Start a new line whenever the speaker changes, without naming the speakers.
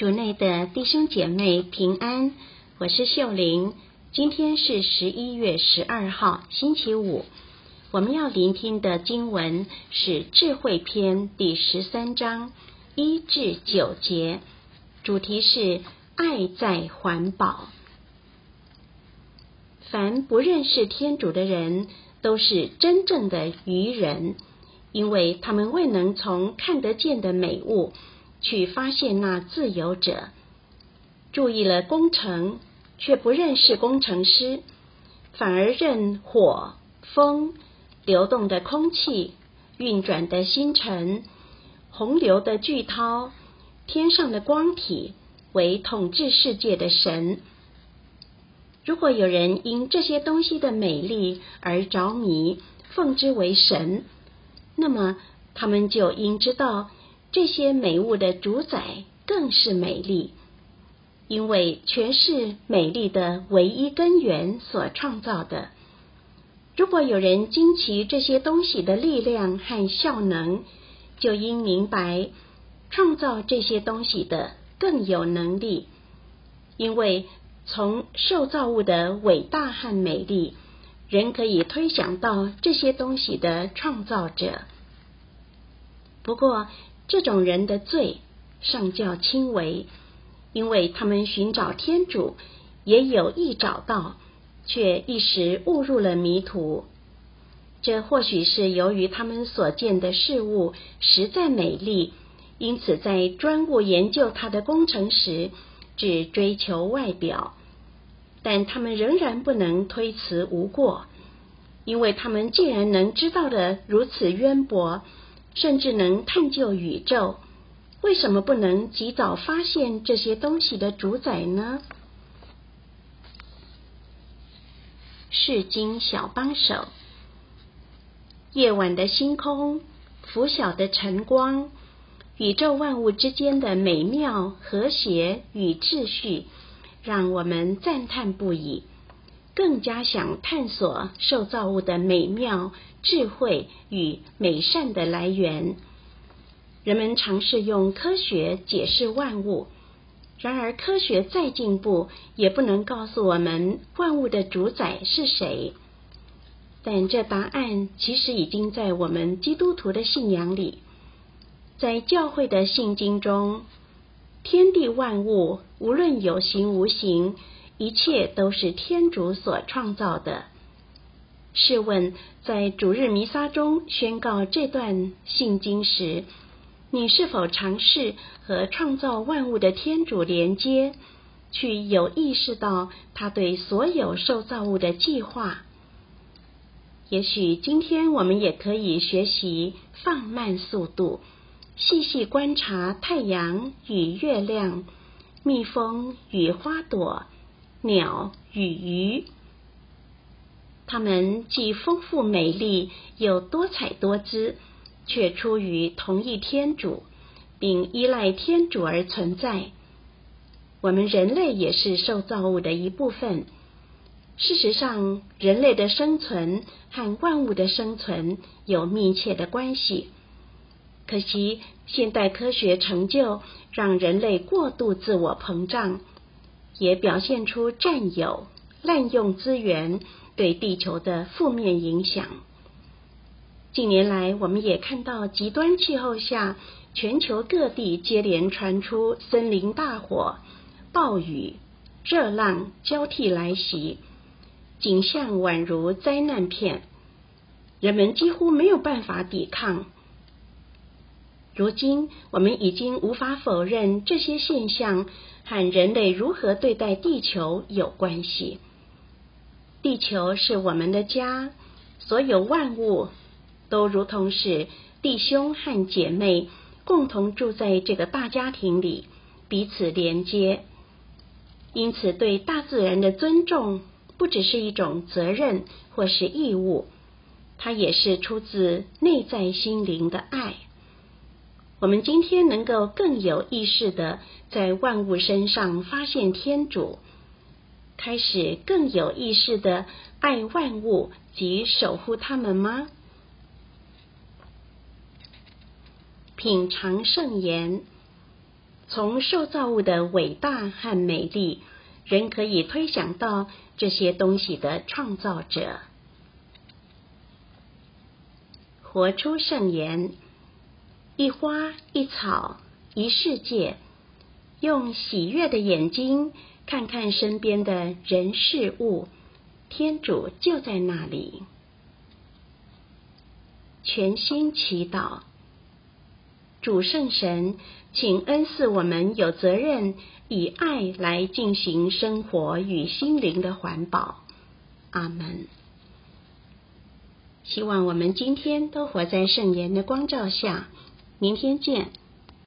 主內的弟兄姐妹平安，我是秀玲。今天是十一月十二號，星期五。我們要聆聽的經文是《智慧篇》第十三章一至九節，主題是“愛在環保”。凡不認識天主的人，都是真正的愚人，因為他們未能從看得見的美物，去發現那自由者，注意了工程，卻不認識工程師，反而認火、風、流動的空氣、運轉的星辰、洪流的巨濤、天上的光體為統治世界的神。如果有人因這些東西的美麗而着迷，奉之為神，那麼他們就應知道。這些美物的主宰更是美麗，因為全是美麗的唯一根源所創造的。如果有人驚奇這些東西的力量和效能，就應明白，創造這些東西的更有能力，因為從受造物的偉大和美麗，人可以推想到這些東西的創造者。不過，這種人的罪尚較輕微，因為他們尋找天主也有意找到，卻一時誤入了迷途。這或許是由於他們所見的事物實在美麗，因此在專務研究他的工程時，只追求外表。但他們仍然不能推辭無過，因為他們既然能知道的如此淵博。甚至能探究宇宙，為什麼不能及早發現這些東西的主宰呢？聖經小幫手，夜晚的星空，拂曉的晨光，宇宙萬物之間的美妙和諧與秩序，讓我們讚嘆不已。更加想探索受造物的美妙、智慧與美善的來源。人們嘗試用科學解釋萬物，然而科學再進步，也不能告訴我們萬物的主宰是誰。但這答案其實已經在我們基督徒的信仰裡，在教會的信經中，天地萬物，無論有形無形。一切都是天主所創造的。試問，在主日彌撒中宣告這段信經時，你是否嘗試和創造萬物的天主連接，去有意識到他對所有受造物的計劃？也許今天我們也可以學習放慢速度，細細觀察太陽與月亮、蜜蜂與花朵。鳥與魚，它們既豐富美麗，又多彩多姿，卻出於同一天主，並依賴天主而存在。我們人類也是受造物的一部分。事實上，人類的生存和萬物的生存有密切的關係。可惜，現代科學成就讓人類過度自我膨脹。也表現出占有、濫用資源對地球的負面影響。近年來，我們也看到極端氣候下，全球各地接連傳出森林大火、暴雨、熱浪交替來襲，景象宛如災難片，人們幾乎沒有辦法抵抗。如今，我們已經無法否認這些現象和人類如何對待地球有關係。地球是我們的家，所有萬物都如同是弟兄和姐妹，共同住在這個大家庭裡，彼此連接。因此，對大自然的尊重，不只是一種責任或是義務，它也是出自內在心靈的愛。我們今天能夠更有意識地在萬物身上發現天主，開始更有意識地愛萬物及守護他們嗎？品嚐聖言，從受造物的偉大和美麗，人可以推想到這些東西的創造者。活出聖言。一花一草一世界，用喜悅的眼睛看看身邊的人事物，天主就在那裡。全心祈禱。主聖神，請恩賜我們有責任以愛來進行生活與心靈的環保。阿門。希望我們今天都活在聖言的光照下。明天見。